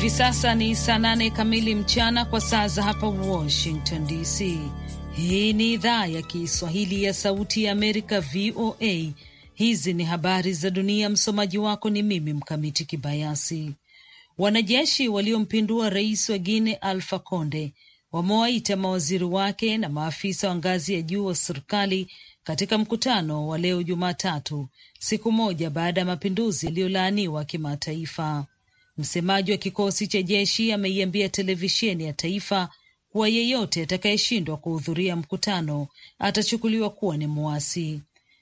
Hivi sasa ni saa nane kamili mchana kwa saa za hapa Washington DC. Hii ni idhaa ya Kiswahili ya Sauti ya Amerika, VOA. Hizi ni habari za dunia. Msomaji wako ni mimi Mkamiti Kibayasi. Wanajeshi waliompindua rais wa Guine Alfa Conde wamewaita mawaziri wake na maafisa wa ngazi ya juu wa serikali katika mkutano wa leo Jumatatu, siku moja baada ya mapinduzi yaliyolaaniwa kimataifa. Msemaji wa kikosi cha jeshi ameiambia televisheni ya taifa kuwa yeyote atakayeshindwa kuhudhuria mkutano atachukuliwa kuwa ni muasi.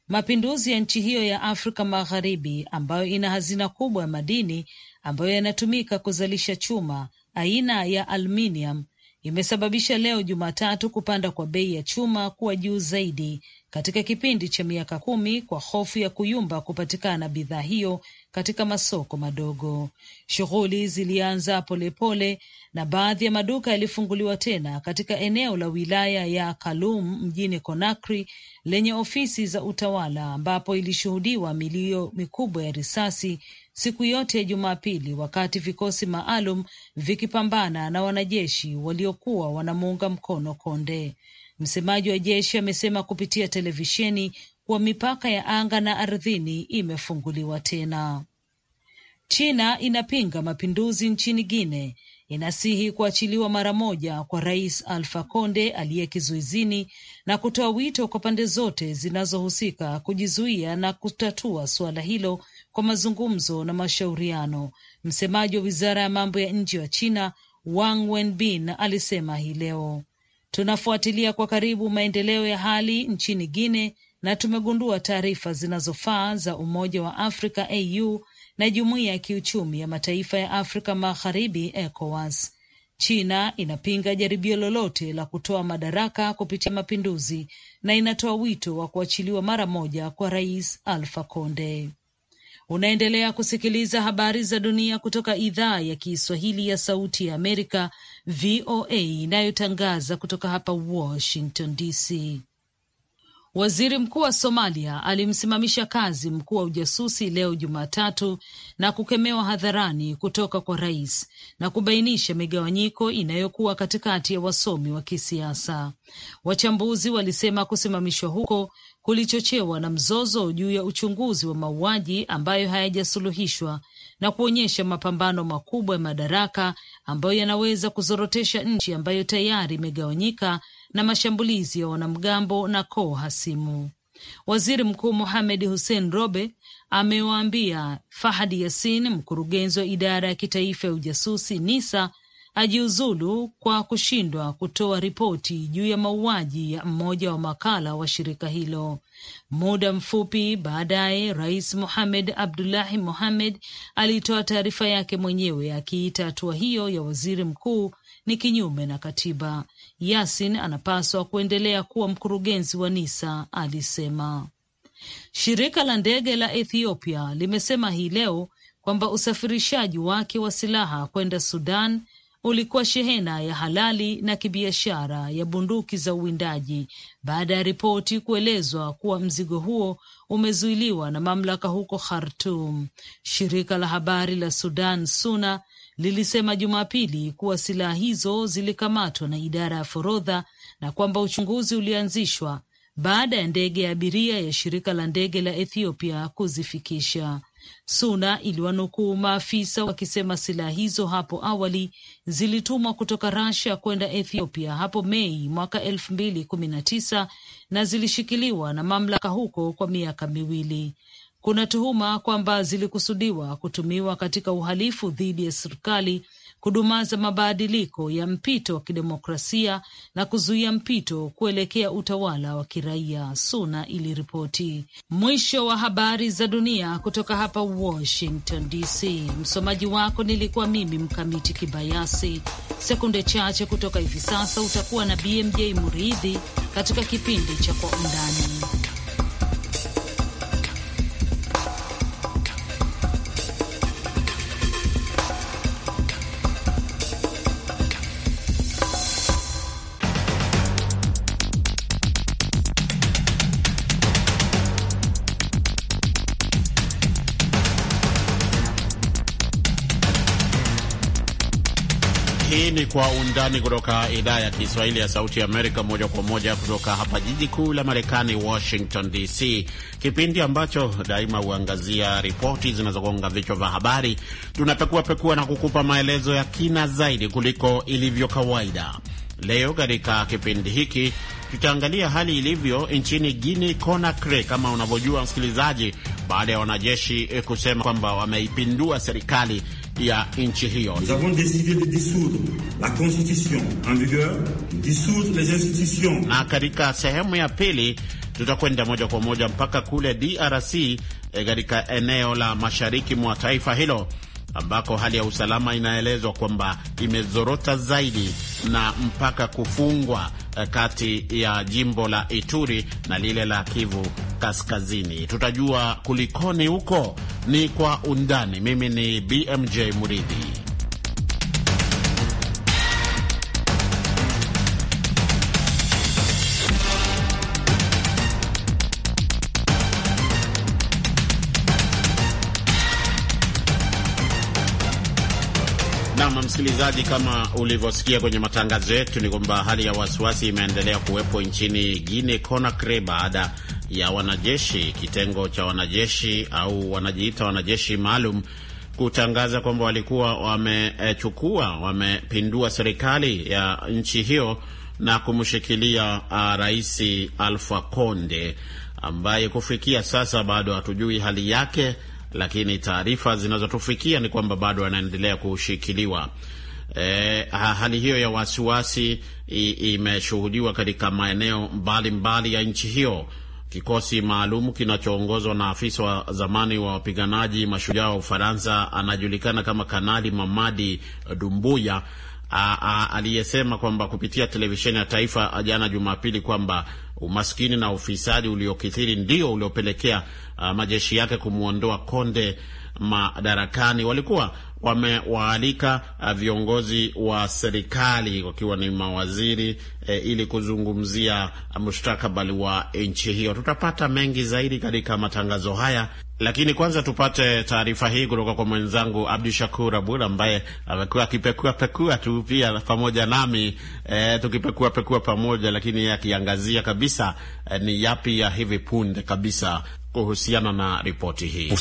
Mapinduzi ya nchi hiyo ya Afrika Magharibi, ambayo ina hazina kubwa ya madini ambayo yanatumika kuzalisha chuma aina ya aluminium, imesababisha leo Jumatatu kupanda kwa bei ya chuma kuwa juu zaidi katika kipindi cha miaka kumi kwa hofu ya kuyumba kupatikana bidhaa hiyo katika masoko madogo. Shughuli zilianza polepole na baadhi ya maduka yalifunguliwa tena katika eneo la wilaya ya Kalum mjini Conakry lenye ofisi za utawala, ambapo ilishuhudiwa milio mikubwa ya risasi siku yote ya Jumapili wakati vikosi maalum vikipambana na wanajeshi waliokuwa wanamuunga mkono Konde. Msemaji wa jeshi amesema kupitia televisheni wa mipaka ya anga na ardhini imefunguliwa tena. China inapinga mapinduzi nchini Guine, inasihi kuachiliwa mara moja kwa Rais Alfa conde aliye kizuizini na kutoa wito kwa pande zote zinazohusika kujizuia na kutatua suala hilo kwa mazungumzo na mashauriano. Msemaji wa wizara ya mambo ya nje wa China Wang Wenbin alisema hii leo, tunafuatilia kwa karibu maendeleo ya hali nchini Guine na tumegundua taarifa zinazofaa za Umoja wa Afrika au na Jumuiya ya Kiuchumi ya Mataifa ya Afrika Magharibi ECOWAS. China inapinga jaribio lolote la kutoa madaraka kupitia mapinduzi na inatoa wito wa kuachiliwa mara moja kwa Rais Alpha Conde. Unaendelea kusikiliza habari za dunia kutoka idhaa ya Kiswahili ya Sauti ya Amerika, VOA, inayotangaza kutoka hapa Washington DC. Waziri mkuu wa Somalia alimsimamisha kazi mkuu wa ujasusi leo Jumatatu na kukemewa hadharani kutoka kwa rais na kubainisha migawanyiko inayokuwa katikati ya wasomi wa kisiasa. Wachambuzi walisema kusimamishwa huko kulichochewa na mzozo juu ya uchunguzi wa mauaji ambayo hayajasuluhishwa na kuonyesha mapambano makubwa ya madaraka ambayo yanaweza kuzorotesha nchi ambayo tayari imegawanyika na mashambulizi ya wanamgambo na koo hasimu. Waziri Mkuu Mohamed Hussein Robe amewaambia Fahad Yasin, mkurugenzi wa idara ya kitaifa ya ujasusi NISA, ajiuzulu kwa kushindwa kutoa ripoti juu ya mauaji ya mmoja wa makala wa shirika hilo. Muda mfupi baadaye, Rais Mohamed Abdullahi Mohamed alitoa taarifa yake mwenyewe akiita hatua hiyo ya waziri mkuu ni kinyume na katiba. Yasin anapaswa kuendelea kuwa mkurugenzi wa Nisa, alisema. Shirika la ndege la Ethiopia limesema hii leo kwamba usafirishaji wake wa silaha kwenda Sudan ulikuwa shehena ya halali na kibiashara ya bunduki za uwindaji baada ya ripoti kuelezwa kuwa mzigo huo umezuiliwa na mamlaka huko khartum Shirika la habari la Sudan Suna lilisema Jumapili kuwa silaha hizo zilikamatwa na idara ya forodha na kwamba uchunguzi ulianzishwa baada ya ndege ya abiria ya shirika la ndege la Ethiopia kuzifikisha. Suna iliwanukuu maafisa wakisema silaha hizo hapo awali zilitumwa kutoka rasia kwenda Ethiopia hapo Mei mwaka elfu mbili kumi na tisa na zilishikiliwa na mamlaka huko kwa miaka miwili. Kuna tuhuma kwamba zilikusudiwa kutumiwa katika uhalifu dhidi ya serikali kudumaza mabadiliko ya mpito wa kidemokrasia na kuzuia mpito kuelekea utawala wa kiraia, Suna iliripoti. Mwisho wa habari za dunia kutoka hapa Washington DC. Msomaji wako nilikuwa mimi Mkamiti Kibayasi. Sekunde chache kutoka hivi sasa utakuwa na BMJ Muridhi katika kipindi cha Kwa Undani. Kwa Undani kutoka idhaa ya Kiswahili ya Sauti Amerika, moja kwa moja kutoka hapa jiji kuu la Marekani, Washington DC, kipindi ambacho daima huangazia ripoti zinazogonga vichwa vya habari. Tunapekuapekua na kukupa maelezo ya kina zaidi kuliko ilivyo kawaida. Leo katika kipindi hiki tutaangalia hali ilivyo nchini guini Conakry, kama unavyojua msikilizaji, baada ya wanajeshi kusema kwamba wameipindua serikali ya nchi hiyo. Nous avons décidé de dissoudre la constitution en vigueur, dissoudre les institutions. Na katika sehemu ya pili tutakwenda moja kwa moja mpaka kule DRC eh, katika eneo la mashariki mwa taifa hilo ambako hali ya usalama inaelezwa kwamba imezorota zaidi na mpaka kufungwa Eh, kati ya jimbo la Ituri na lile la Kivu Kaskazini. Tutajua kulikoni huko ni kwa undani. Mimi ni BMJ Muridhi. msikilizaji, kama ulivyosikia kwenye matangazo yetu, ni kwamba hali ya wasiwasi imeendelea kuwepo nchini Guinea Conakry baada ya wanajeshi, kitengo cha wanajeshi au wanajiita wanajeshi maalum kutangaza kwamba walikuwa wamechukua, wamepindua serikali ya nchi hiyo na kumshikilia uh, rais Alpha Conde ambaye kufikia sasa bado hatujui hali yake lakini taarifa zinazotufikia ni kwamba bado anaendelea kushikiliwa. E, hali hiyo ya wasiwasi imeshuhudiwa katika maeneo mbalimbali mbali ya nchi hiyo. Kikosi maalum kinachoongozwa na afisa wa zamani wa wapiganaji mashujaa wa Ufaransa anajulikana kama Kanali Mamadi Dumbuya aliyesema kwamba kupitia televisheni ya taifa jana Jumapili kwamba umaskini na ufisadi uliokithiri ndio uliopelekea uh, majeshi yake kumwondoa Konde madarakani. Walikuwa wamewaalika uh, viongozi wa serikali wakiwa ni mawaziri eh, ili kuzungumzia mustakabali wa nchi hiyo. Tutapata mengi zaidi katika matangazo haya lakini kwanza tupate taarifa hii kutoka kwa mwenzangu Abdu Shakur Abud ambaye amekuwa akipekua pekua tu pia pamoja nami e, tukipekua pekua pamoja, lakini akiangazia kabisa e, ni yapi ya hivi punde kabisa kuhusiana na ripoti hii.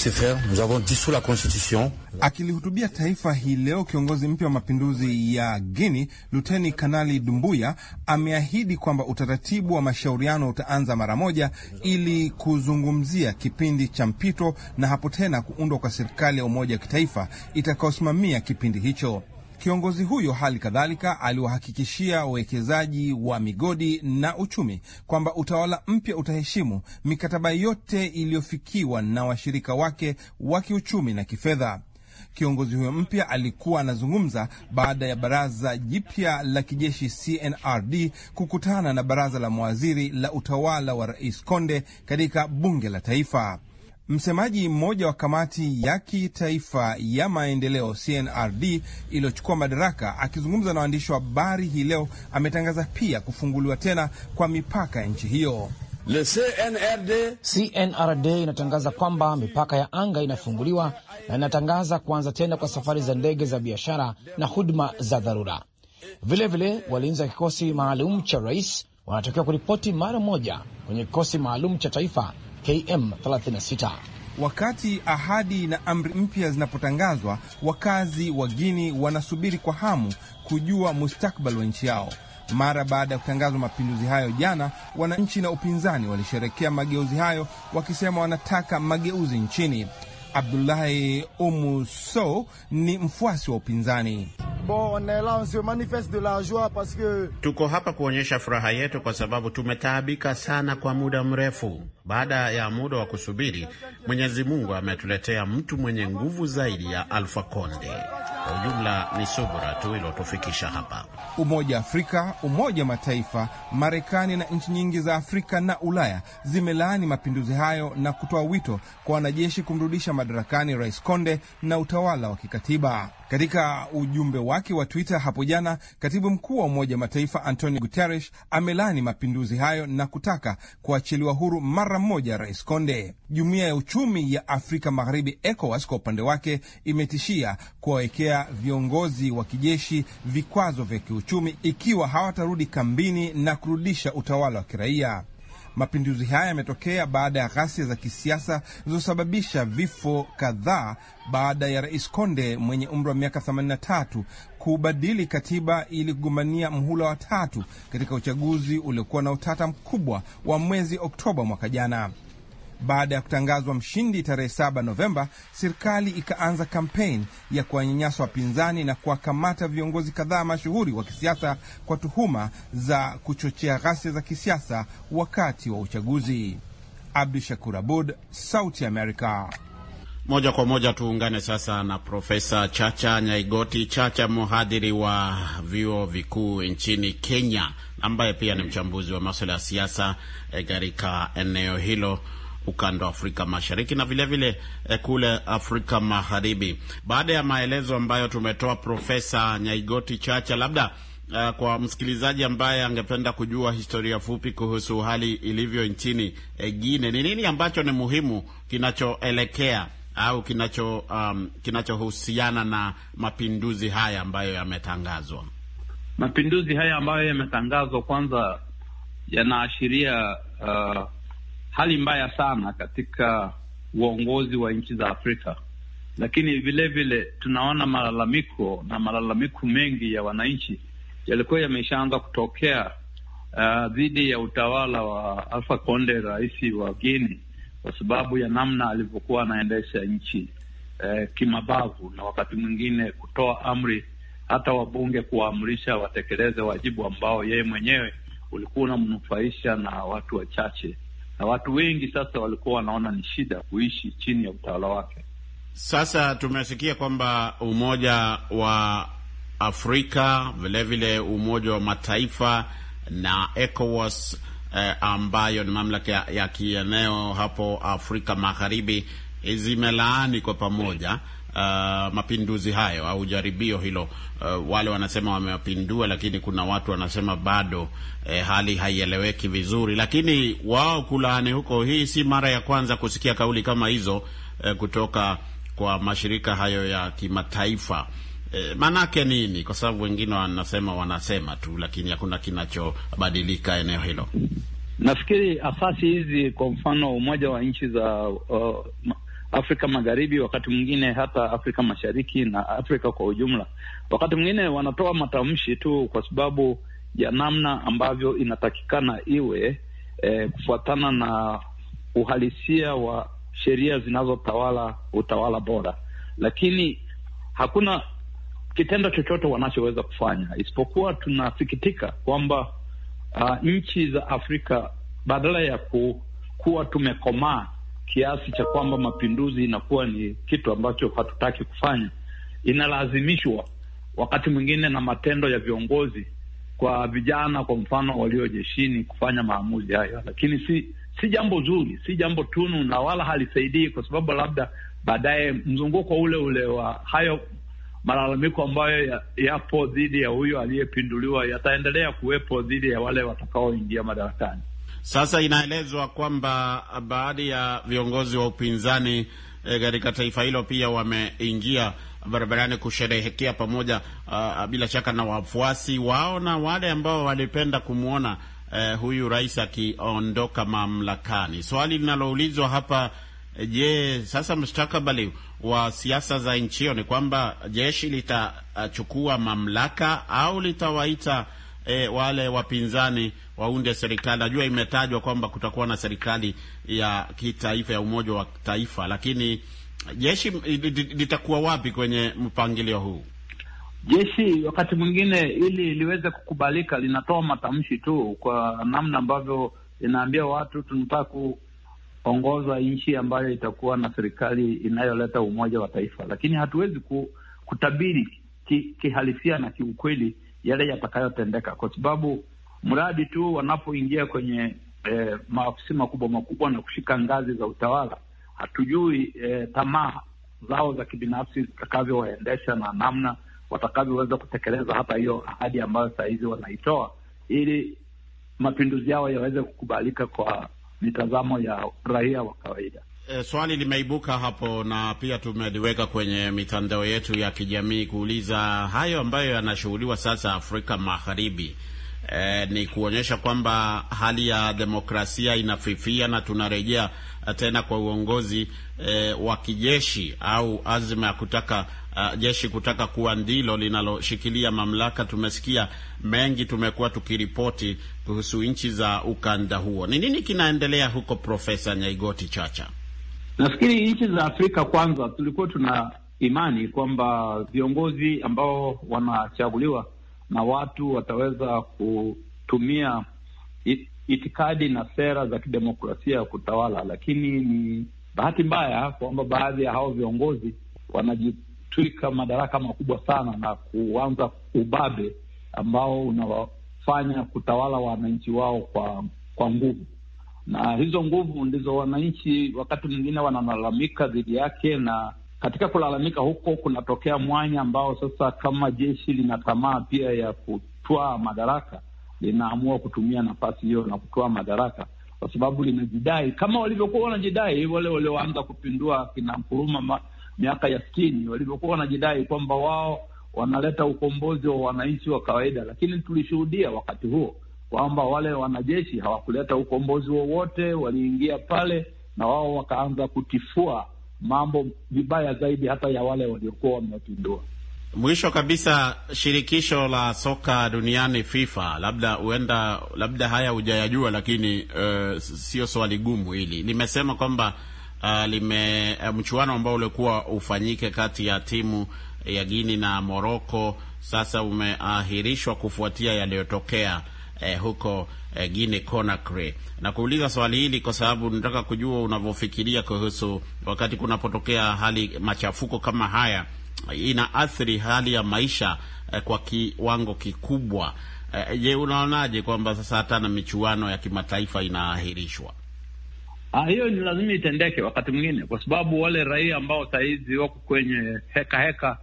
Akilihutubia taifa hii leo, kiongozi mpya wa mapinduzi ya Guini Luteni Kanali Dumbuya ameahidi kwamba utaratibu wa mashauriano utaanza mara moja ili kuzungumzia kipindi cha mpito na hapo tena kuundwa kwa serikali ya umoja wa kitaifa itakayosimamia kipindi hicho. Kiongozi huyo hali kadhalika aliwahakikishia wawekezaji wa migodi na uchumi kwamba utawala mpya utaheshimu mikataba yote iliyofikiwa na washirika wake wa kiuchumi na kifedha. Kiongozi huyo mpya alikuwa anazungumza baada ya baraza jipya la kijeshi CNRD kukutana na baraza la mawaziri la utawala wa Rais Konde katika bunge la taifa. Msemaji mmoja wa kamati ya kitaifa ya maendeleo CNRD iliyochukua madaraka akizungumza na waandishi wa habari hii leo ametangaza pia kufunguliwa tena kwa mipaka ya nchi hiyo. Le CNRD, CNRD inatangaza kwamba mipaka ya anga inafunguliwa na inatangaza kuanza tena kwa safari za ndege za biashara na huduma za dharura. Vilevile, walinzi wa kikosi maalum cha rais wanatakiwa kuripoti mara moja kwenye kikosi maalum cha taifa KM 36. Wakati ahadi na amri mpya zinapotangazwa, wakazi wa Guini wanasubiri kwa hamu kujua mustakbali wa nchi yao. Mara baada ya kutangazwa mapinduzi hayo jana, wananchi na upinzani walisherekea mageuzi hayo wakisema wanataka mageuzi nchini. Abdullahi Umuso ni mfuasi wa upinzani. Tuko hapa kuonyesha furaha yetu kwa sababu tumetaabika sana kwa muda mrefu. Baada ya muda wa kusubiri, Mwenyezi Mungu ametuletea mtu mwenye nguvu zaidi ya Alfa Konde. Kwa ujumla ni subra tu iliotufikisha hapa. Umoja wa Afrika, Umoja wa Mataifa, Marekani na nchi nyingi za Afrika na Ulaya zimelaani mapinduzi hayo na kutoa wito kwa wanajeshi kumrudisha madarakani Rais Konde na utawala wa kikatiba. Katika ujumbe wake wa Twitter hapo jana, katibu mkuu wa Umoja wa Mataifa Antonio Guterres amelaani mapinduzi hayo na kutaka kuachiliwa huru mara mara mmoja Rais Konde. Jumuiya ya uchumi ya Afrika Magharibi, ECOWAS, kwa upande wake imetishia kuwawekea viongozi wa kijeshi vikwazo vya kiuchumi ikiwa hawatarudi kambini na kurudisha utawala wa kiraia. Mapinduzi haya yametokea baada ya ghasia za kisiasa zilizosababisha vifo kadhaa baada ya Rais Konde mwenye umri wa miaka 83 kubadili katiba ili kugombania mhula wa tatu katika uchaguzi uliokuwa na utata mkubwa wa mwezi Oktoba mwaka jana. Baada ya kutangazwa mshindi tarehe 7 Novemba, serikali ikaanza kampeni ya kuwanyanyasa wapinzani na kuwakamata viongozi kadhaa mashuhuri wa kisiasa kwa tuhuma za kuchochea ghasia za kisiasa wakati wa uchaguzi. Abdu Shakur Abud, Sauti america Moja kwa moja tuungane sasa na Profesa Chacha Nyaigoti Chacha, mhadhiri wa vyuo vikuu nchini Kenya, ambaye pia ni mchambuzi wa maswala ya siasa eh, katika eneo hilo ukanda wa Afrika Mashariki na vilevile vile eh, kule Afrika Magharibi. Baada ya maelezo ambayo tumetoa Profesa Nyaigoti Chacha, labda uh, kwa msikilizaji ambaye angependa kujua historia fupi kuhusu hali ilivyo nchini e, Guinea, ni nini ambacho ni muhimu kinachoelekea au kinacho um, kinachohusiana na mapinduzi haya ambayo yametangazwa? Mapinduzi haya ambayo yametangazwa, kwanza yanaashiria uh, hali mbaya sana katika uongozi wa nchi za Afrika, lakini vilevile vile tunaona malalamiko na malalamiko mengi ya wananchi yalikuwa yameshaanza kutokea uh, dhidi uh, ya utawala wa Alpha Conde, rais wa Guini, kwa sababu ya namna alivyokuwa anaendesha nchi eh, kimabavu, na wakati mwingine kutoa amri hata wabunge kuwaamrisha watekeleze wajibu ambao yeye mwenyewe ulikuwa unamnufaisha na watu wachache na watu wengi sasa walikuwa wanaona ni shida kuishi chini ya utawala wake. Sasa tumesikia kwamba Umoja wa Afrika vilevile vile Umoja wa Mataifa na ECOWAS eh, ambayo ni mamlaka ya, ya kieneo hapo Afrika Magharibi zimelaani kwa pamoja uh, mapinduzi hayo au jaribio hilo. Uh, wale wanasema wamewapindua, lakini kuna watu wanasema bado eh, hali haieleweki vizuri, lakini wao kulaani huko. Hii si mara ya kwanza kusikia kauli kama hizo eh, kutoka kwa mashirika hayo ya kimataifa. E, eh, maanake nini? Kwa sababu wengine wanasema wanasema tu, lakini hakuna kinachobadilika eneo hilo. Nafikiri asasi hizi, kwa mfano Umoja wa Nchi za uh, Afrika Magharibi, wakati mwingine hata Afrika Mashariki na Afrika kwa ujumla, wakati mwingine wanatoa matamshi tu kwa sababu ya namna ambavyo inatakikana iwe eh, kufuatana na uhalisia wa sheria zinazotawala utawala bora, lakini hakuna kitendo chochote wanachoweza kufanya isipokuwa tunasikitika kwamba uh, nchi za Afrika badala ya ku, kuwa tumekomaa kiasi cha kwamba mapinduzi inakuwa ni kitu ambacho hatutaki kufanya, inalazimishwa wakati mwingine na matendo ya viongozi kwa vijana, kwa mfano walio jeshini, kufanya maamuzi hayo, lakini si si jambo zuri, si jambo tunu, na wala halisaidii, kwa sababu labda baadaye mzunguko ule ule wa hayo malalamiko ambayo yapo ya dhidi ya huyo aliyepinduliwa yataendelea kuwepo dhidi ya wale watakaoingia madarakani. Sasa inaelezwa kwamba baadhi ya viongozi wa upinzani eh, katika e, taifa hilo pia wameingia barabarani kusherehekea pamoja, a, ah, bila shaka na wafuasi wao na wale ambao walipenda kumwona e, eh, huyu rais akiondoka mamlakani. Swali linaloulizwa hapa, je, sasa mustakabali wa siasa za nchi hiyo ni kwamba jeshi litachukua ah, mamlaka au litawaita e, wale wapinzani waunde serikali. Najua imetajwa kwamba kutakuwa na serikali ya kitaifa ya umoja wa taifa, lakini jeshi litakuwa wapi kwenye mpangilio huu? Jeshi wakati mwingine, ili liweze kukubalika, linatoa matamshi tu kwa namna ambavyo inaambia watu tunataka kuongoza nchi ambayo itakuwa na serikali inayoleta umoja wa taifa, lakini hatuwezi ku, kutabiri kihalisia ki na kiukweli yale yatakayotendeka, kwa sababu mradi tu wanapoingia kwenye eh, maafisi makubwa makubwa na kushika ngazi za utawala, hatujui eh, tamaa zao za kibinafsi zitakavyowaendesha na namna watakavyoweza kutekeleza hata hiyo ahadi ambayo sahizi wanaitoa ili mapinduzi yao yaweze kukubalika kwa mitazamo ya raia wa kawaida. E, swali limeibuka hapo na pia tumeliweka kwenye mitandao yetu ya kijamii kuuliza hayo ambayo yanashughuliwa sasa Afrika Magharibi, e, ni kuonyesha kwamba hali ya demokrasia inafifia na tunarejea eh, tena kwa uongozi e, wa kijeshi au azma ya kutaka a, jeshi kutaka kuwa ndilo linaloshikilia mamlaka. Tumesikia mengi, tumekuwa tukiripoti kuhusu nchi za ukanda huo. Ni nini kinaendelea huko, Profesa Nyaigoti Chacha? Nafikiri nchi za Afrika kwanza, tulikuwa tuna imani kwamba viongozi ambao wanachaguliwa na watu wataweza kutumia itikadi na sera za kidemokrasia kutawala, lakini ni bahati mbaya kwamba baadhi ya hao viongozi wanajitwika madaraka makubwa sana na kuanza ubabe ambao unawafanya kutawala wananchi wao kwa kwa nguvu na hizo nguvu ndizo wananchi wakati mwingine wanalalamika dhidi yake, na katika kulalamika huko kunatokea mwanya ambao sasa, kama jeshi lina tamaa pia ya kutwaa madaraka, linaamua kutumia nafasi hiyo na kutwaa madaraka, kwa sababu linajidai kama walivyokuwa wanajidai wale walioanza kupindua kina Nkuruma miaka ya sitini, walivyokuwa wanajidai kwamba wao wanaleta ukombozi wa wananchi wa kawaida, lakini tulishuhudia wakati huo kwamba wale wanajeshi hawakuleta ukombozi wowote, waliingia pale na wao wakaanza kutifua mambo vibaya zaidi hata ya wale waliokuwa wamepindua. Mwisho kabisa, shirikisho la soka duniani FIFA, labda huenda labda haya hujayajua, lakini uh, sio swali gumu hili. Limesema kwamba uh, lime uh, mchuano ambao ulikuwa ufanyike kati ya timu ya Guini na Moroko sasa umeahirishwa kufuatia yaliyotokea eh, huko eh, Guinea Conakry. Na kuuliza swali hili kwa sababu nataka kujua unavyofikiria kuhusu wakati kunapotokea hali machafuko kama haya inaathiri hali ya maisha eh, kwa kiwango kikubwa. Eh, je, unaonaje kwamba sasa hata na michuano ya kimataifa inaahirishwa? Ah, hiyo ni lazima itendeke wakati mwingine, kwa sababu wale raia ambao sahizi wako kwenye heka heka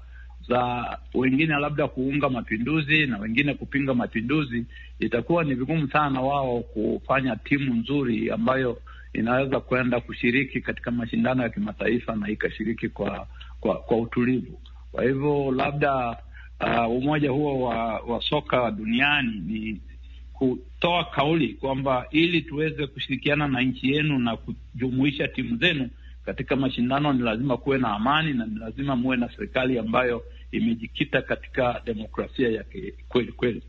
za wengine labda kuunga mapinduzi na wengine kupinga mapinduzi, itakuwa ni vigumu sana wao kufanya timu nzuri ambayo inaweza kwenda kushiriki katika mashindano ya kimataifa na ikashiriki kwa kwa, kwa utulivu. Kwa hivyo labda uh, umoja huo wa, wa soka duniani ni kutoa kauli kwamba ili tuweze kushirikiana na nchi yenu na kujumuisha timu zenu katika mashindano, ni lazima kuwe na amani na ni lazima muwe na serikali ambayo imejikita katika demokrasia ya kweli kweli.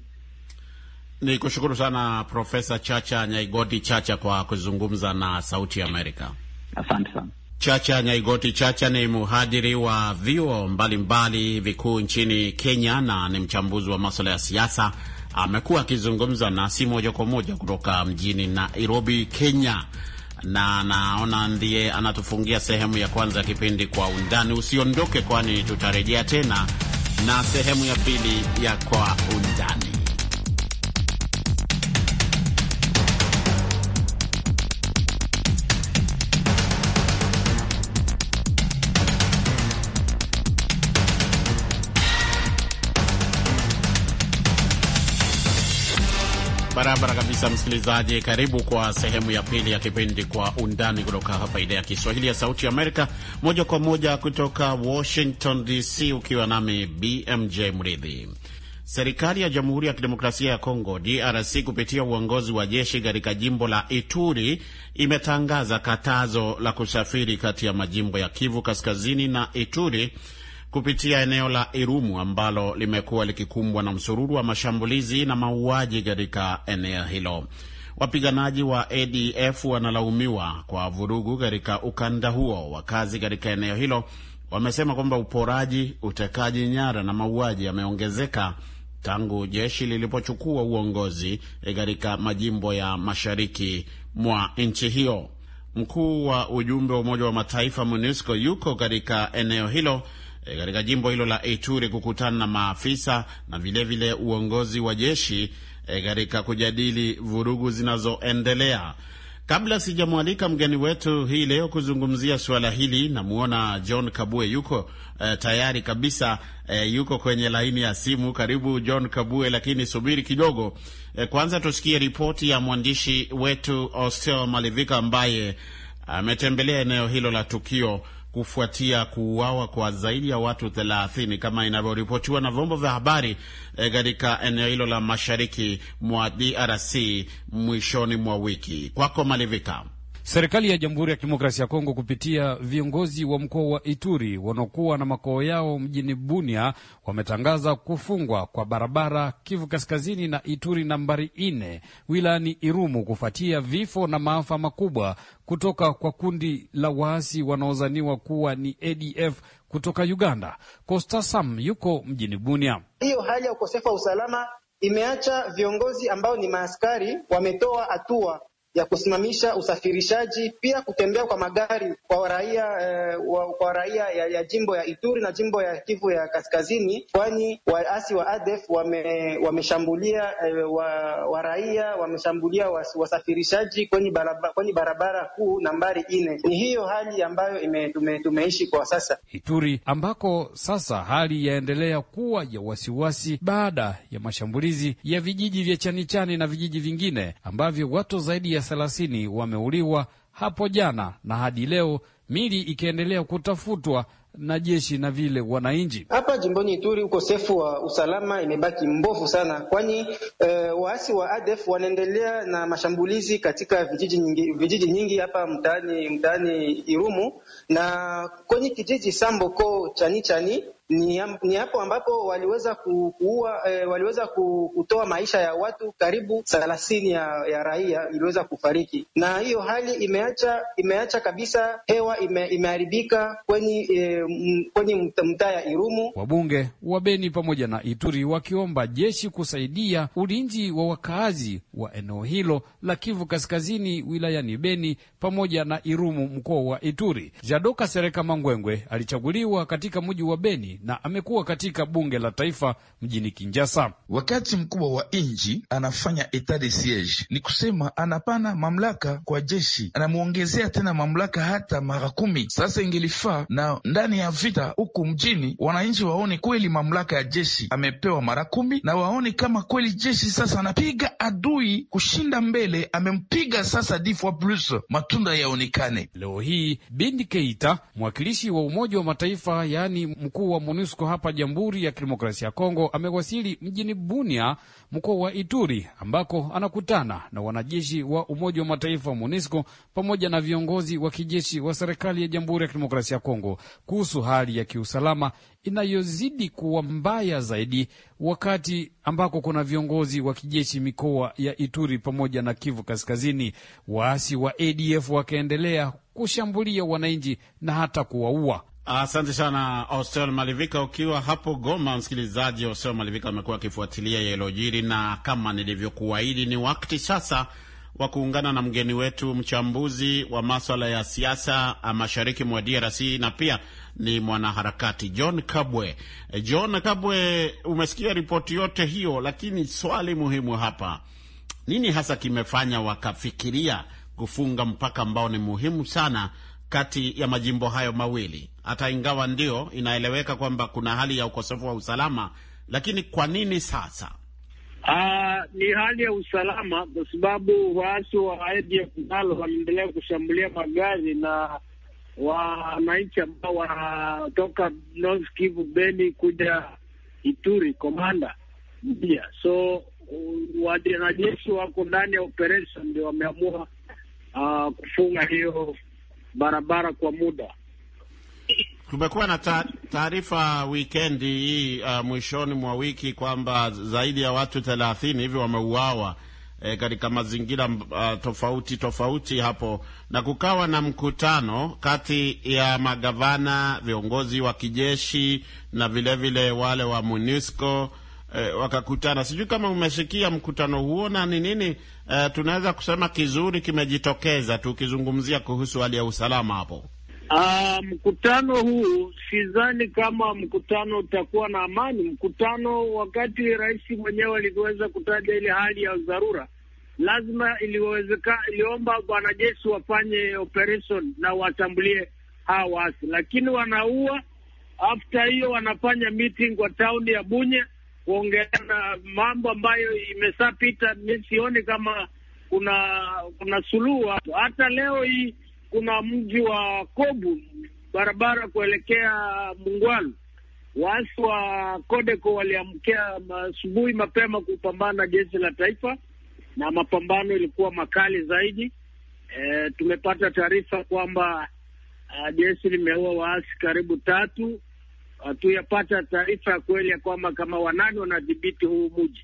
Ni kushukuru sana Profesa Chacha Nyaigoti Chacha kwa kuzungumza na Sauti Amerika. Asante sana. Chacha Nyaigoti Chacha ni mhadhiri wa vyuo mbalimbali vikuu nchini Kenya na ni mchambuzi wa maswala ya siasa. Amekuwa akizungumza nasi moja kwa moja kutoka mjini Nairobi, Kenya, na naona ndiye anatufungia sehemu ya kwanza ya kipindi Kwa Undani. Usiondoke, kwani tutarejea tena na sehemu ya pili ya Kwa Undani. Barabara kabisa, msikilizaji. Karibu kwa sehemu ya pili ya kipindi Kwa Undani kutoka hapa idhaa ya Kiswahili ya Sauti Amerika, moja kwa moja kutoka Washington DC, ukiwa nami BMJ Mridhi. Serikali ya Jamhuri ya Kidemokrasia ya Kongo DRC kupitia uongozi wa jeshi katika jimbo la Ituri imetangaza katazo la kusafiri kati ya majimbo ya Kivu Kaskazini na Ituri kupitia eneo la Irumu ambalo limekuwa likikumbwa na msururu wa mashambulizi na mauaji katika eneo hilo. Wapiganaji wa ADF wanalaumiwa kwa vurugu katika ukanda huo. Wakazi katika eneo hilo wamesema kwamba uporaji, utekaji nyara na mauaji yameongezeka tangu jeshi lilipochukua uongozi katika majimbo ya mashariki mwa nchi hiyo. Mkuu wa ujumbe wa Umoja wa Mataifa MONUSCO yuko katika eneo hilo E, katika jimbo hilo la Ituri kukutana na maafisa na vilevile vile uongozi wa jeshi e, katika kujadili vurugu zinazoendelea. Kabla sijamwalika mgeni wetu hii leo kuzungumzia suala hili, namwona John Kabue yuko e, tayari kabisa e, yuko kwenye laini ya simu. Karibu John Kabue, lakini subiri kidogo e, kwanza tusikie ripoti ya mwandishi wetu Ostel Malivika ambaye ametembelea eneo hilo la tukio kufuatia kuuawa kwa zaidi ya watu 30 kama inavyoripotiwa na vyombo vya habari eh, katika e, eneo hilo la mashariki mwa DRC mwishoni mwa wiki. Kwako Malivika. Serikali ya Jamhuri ya Kidemokrasia ya Kongo kupitia viongozi wa mkoa wa Ituri wanaokuwa na makao yao mjini Bunia wametangaza kufungwa kwa barabara Kivu Kaskazini na Ituri nambari nne wilayani Irumu kufuatia vifo na maafa makubwa kutoka kwa kundi la waasi wanaozaniwa kuwa ni ADF kutoka Uganda. Costa Sam yuko mjini Bunia. Hiyo hali ya ukosefu wa usalama imeacha viongozi ambao ni maaskari wametoa hatua ya kusimamisha usafirishaji, pia kutembea kwa magari kwa raia eh, kwa raia ya, ya jimbo ya Ituri na jimbo ya Kivu ya Kaskazini, kwani waasi wa ADF wameshambulia wame eh, wa, wa raia wameshambulia was, wasafirishaji kwenye barabara, kwenye barabara kuu nambari ine. Ni hiyo hali ambayo ime, tume, tumeishi kwa sasa Ituri, ambako sasa hali yaendelea kuwa ya wasiwasi baada ya mashambulizi ya vijiji vya Chanichani na vijiji vingine ambavyo watu zaidi ya thelathini wameuliwa hapo jana na hadi leo mili ikiendelea kutafutwa na jeshi na vile wananchi hapa jimboni Ituri, ukosefu wa usalama imebaki mbovu sana, kwani e, waasi wa ADF wanaendelea na mashambulizi katika vijiji nyingi, vijiji nyingi hapa mtaani mtaani Irumu na kwenye kijiji Samboko chani chani ni, ni hapo ambapo waliweza kuua e, waliweza kutoa maisha ya watu karibu thelathini ya, ya raia iliweza kufariki, na hiyo hali imeacha imeacha kabisa hewa ime, imeharibika kwenye e, kwenye mtaa ya Irumu. Wabunge wa Beni pamoja na Ituri wakiomba jeshi kusaidia ulinzi wa wakaazi wa eneo hilo la Kivu Kaskazini wilayani Beni pamoja na Irumu mkoa wa Ituri. Jadoka Sereka Mangwengwe alichaguliwa katika mji wa Beni na amekuwa katika bunge la taifa mjini Kinjasa. Wakati mkubwa wa nji anafanya etat de siege, ni kusema anapana mamlaka kwa jeshi, anamwongezea tena mamlaka hata mara kumi. Sasa ingelifaa na ndani ya vita huku mjini wananchi waone kweli mamlaka ya jeshi amepewa mara kumi, na waone kama kweli jeshi sasa anapiga adui kushinda mbele, amempiga sasa difwa plus matunda yaonekane. Leo hii Bindi Keita, mwakilishi wa Umoja wa Mataifa, yaani mkuu wa MONUSCO hapa Jamhuri ya Kidemokrasia ya Kongo amewasili mjini Bunia, mkoa wa Ituri, ambako anakutana na wanajeshi wa Umoja wa Mataifa wa MONUSCO pamoja na viongozi wa kijeshi wa serikali ya Jamhuri ya Kidemokrasia ya Kongo kuhusu hali ya kiusalama inayozidi kuwa mbaya zaidi, wakati ambako kuna viongozi wa kijeshi mikoa ya Ituri pamoja na Kivu Kaskazini, waasi wa ADF wakaendelea kushambulia wananchi na hata kuwaua. Asante sana Ostel Malivika, ukiwa hapo Goma. Msikilizaji, Ostel Malivika amekuwa akifuatilia yaliyojiri, na kama nilivyokuahidi, ni wakati sasa wa kuungana na mgeni wetu, mchambuzi wa maswala ya siasa mashariki mwa DRC na pia ni mwanaharakati John Kabwe. E, John Kabwe, umesikia ripoti yote hiyo, lakini swali muhimu hapa, nini hasa kimefanya wakafikiria kufunga mpaka ambao ni muhimu sana kati ya majimbo hayo mawili. Hata ingawa ndio inaeleweka kwamba kuna hali ya ukosefu wa usalama, lakini kwa nini sasa? Uh, ni hali ya usalama kwa sababu waasi wa ADF nalo wanaendelea kushambulia magari na wananchi ambao wanatoka North Kivu, Beni kuja Ituri, Komanda mpya. So wanajeshi wako ndani ya operation, ndio wameamua uh, kufunga hiyo barabara kwa muda. Kumekuwa na taarifa wikendi hii uh, mwishoni mwa wiki kwamba zaidi ya watu thelathini hivi wameuawa E, katika mazingira uh, tofauti tofauti hapo, na kukawa na mkutano kati ya magavana, viongozi wa kijeshi na vilevile vile wale wa MONUSCO eh, wakakutana. Sijui kama umesikia mkutano huo na ni nini eh, tunaweza kusema kizuri kimejitokeza, tukizungumzia kuhusu hali ya usalama hapo. Uh, mkutano huu sidhani kama mkutano utakuwa na amani. Mkutano wakati rais mwenyewe alivyoweza kutaja ile hali ya dharura, lazima iliwezeka, iliomba wanajeshi wafanye operation na watambulie hawa wasi, lakini wanaua. After hiyo wanafanya meeting kwa tauni ya Bunye, kuongea na mambo ambayo imeshapita. Mi sioni kama kuna kuna suluhu hapo. Hata leo hii kuna mji wa Kobu, barabara kuelekea Mungwalu, waasi wa Kodeko waliamkia asubuhi mapema kupambana na jeshi la taifa, na mapambano ilikuwa makali zaidi. E, tumepata taarifa kwamba e, jeshi limeua waasi karibu tatu hatuyapata taarifa ya kweli ya kwamba kama wanani wanadhibiti huu mji.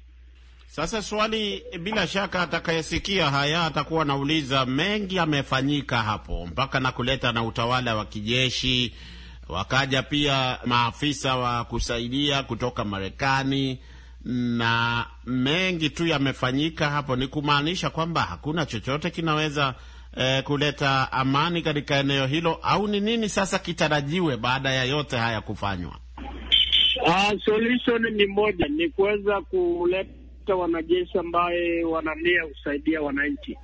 Sasa swali, bila shaka, atakayesikia haya atakuwa anauliza, mengi yamefanyika hapo mpaka na kuleta na utawala wa kijeshi, wakaja pia maafisa wa kusaidia kutoka Marekani na mengi tu yamefanyika hapo, ni kumaanisha kwamba hakuna chochote kinaweza eh, kuleta amani katika eneo hilo, au ni nini sasa kitarajiwe baada ya yote haya kufanywa? Uh, solution ni moja, ni kuweza kuleta wanajeshi ambaye wanania kusaidia wananchi,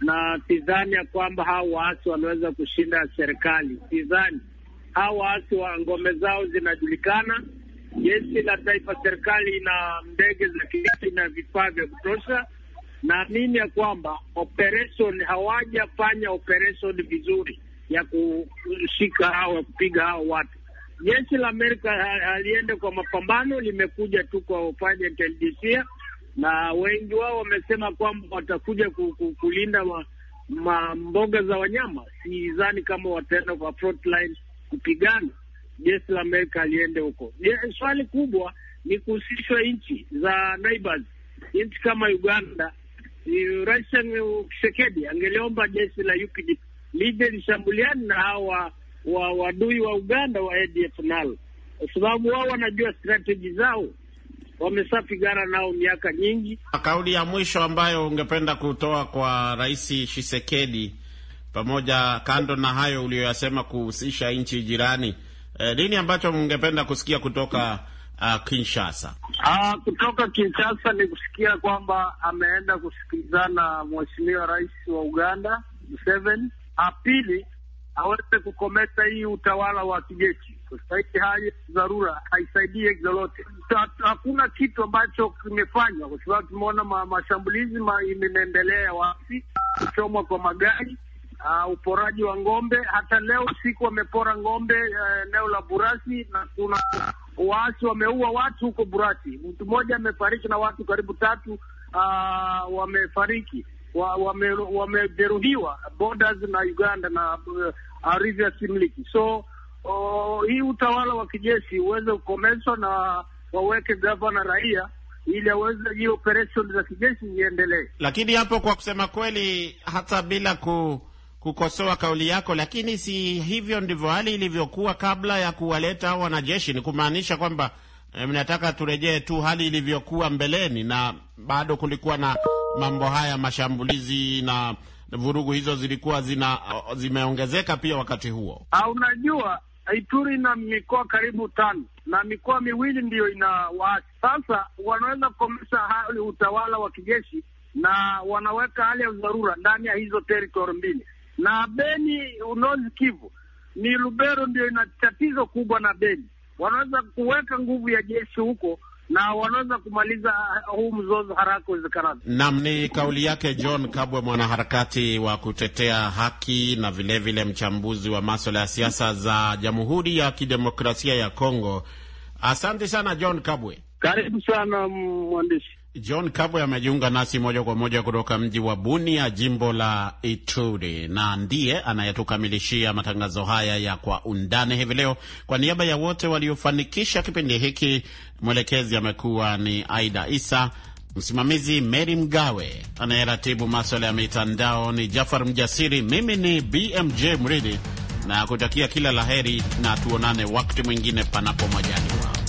na sidhani ya kwamba hao waasi wanaweza kushinda serikali. Sidhani hao waasi wa ngome zao zinajulikana. Jeshi la taifa, serikali ina ndege za kijeshi na vifaa vya kutosha naamini ya kwamba operation hawajafanya operation vizuri ya kushika au kupiga hao watu. Jeshi la Amerika haliende kwa mapambano, limekuja tu kwa ufanya intelijensia, na wengi wao wamesema kwamba watakuja kulinda wa, ma, mboga za wanyama. Sidhani kama wataenda kwa kupigana. Jeshi la Amerika aliende huko. Swali kubwa ni kuhusishwa nchi za neighbors, nchi kama Uganda Rais Tshisekedi angeliomba jeshi la UPD lije lishambuliani na hawa wa wadui wa Uganda wa ADF NALU, kwa sababu wao wanajua strategy zao, wamesafigara nao miaka nyingi. Kauli ya mwisho ambayo ungependa kutoa kwa Rais Tshisekedi, pamoja kando na hayo uliyoyasema kuhusisha nchi jirani, e, nini ambacho ungependa kusikia kutoka uh, Kinshasa? Aa, ah, kutoka Kinshasa ni kusikia kwamba ameenda kusikilizana mheshimiwa rais wa Uganda Museveni. Pili, aweze kukometa hii utawala wa kijeshi sasaii, hali dharura haisaidii lolote. Hakuna kitu ambacho kimefanywa, kwa sababu tumeona ma, mashambulizi imeendelea ya wasi kuchomwa kwa magari Uh, uporaji wa ng'ombe. Hata leo usiku wamepora ng'ombe eh, eneo uh, la Burasi na kuna waasi wameua watu huko Burati, mtu mmoja amefariki na watu karibu tatu uh, wamefariki wamejeruhiwa, wame borders na Uganda na uh, eh, Arivia Simliki. So uh, hii utawala wa kijeshi uweze kukomeshwa na waweke gavana raia ili aweze hii operation za kijeshi ziendelee. Lakini hapo kwa kusema kweli, hata bila ku kukosoa kauli yako, lakini si hivyo ndivyo hali ilivyokuwa kabla ya kuwaleta wanajeshi. Ni kumaanisha kwamba eh, mnataka turejee tu hali ilivyokuwa mbeleni, na bado kulikuwa na mambo haya, mashambulizi na vurugu hizo zilikuwa zina zimeongezeka pia wakati huo. Ah, unajua, Ituri ina mikoa karibu tano na mikoa miwili ndiyo ina waasi. Sasa wanaweza kukomesha hali utawala wa kijeshi na wanaweka hali ya dharura ndani ya hizo teritori mbili na Beni North Kivu ni Lubero ndio ina tatizo kubwa na Beni. Wanaweza kuweka nguvu ya jeshi huko na wanaweza kumaliza uh, huu mzozo haraka iwezekanavyo. Naam, ni kauli yake John Kabwe, mwanaharakati wa kutetea haki na vilevile vile mchambuzi wa maswala ya siasa za Jamhuri ya Kidemokrasia ya Kongo. Asante sana John Kabwe, karibu sana mwandishi. John Kabwe amejiunga nasi moja kwa moja kutoka mji wa Bunia, jimbo la Ituri, na ndiye anayetukamilishia matangazo haya ya Kwa Undani hivi leo. Kwa niaba ya wote waliofanikisha kipindi hiki, mwelekezi amekuwa ni Aida Isa, msimamizi Meri Mgawe, anayeratibu maswala ya mitandao ni Jafar Mjasiri, mimi ni BMJ Mridhi na kutakia kila laheri, na tuonane wakati mwingine, panapo majaliwa.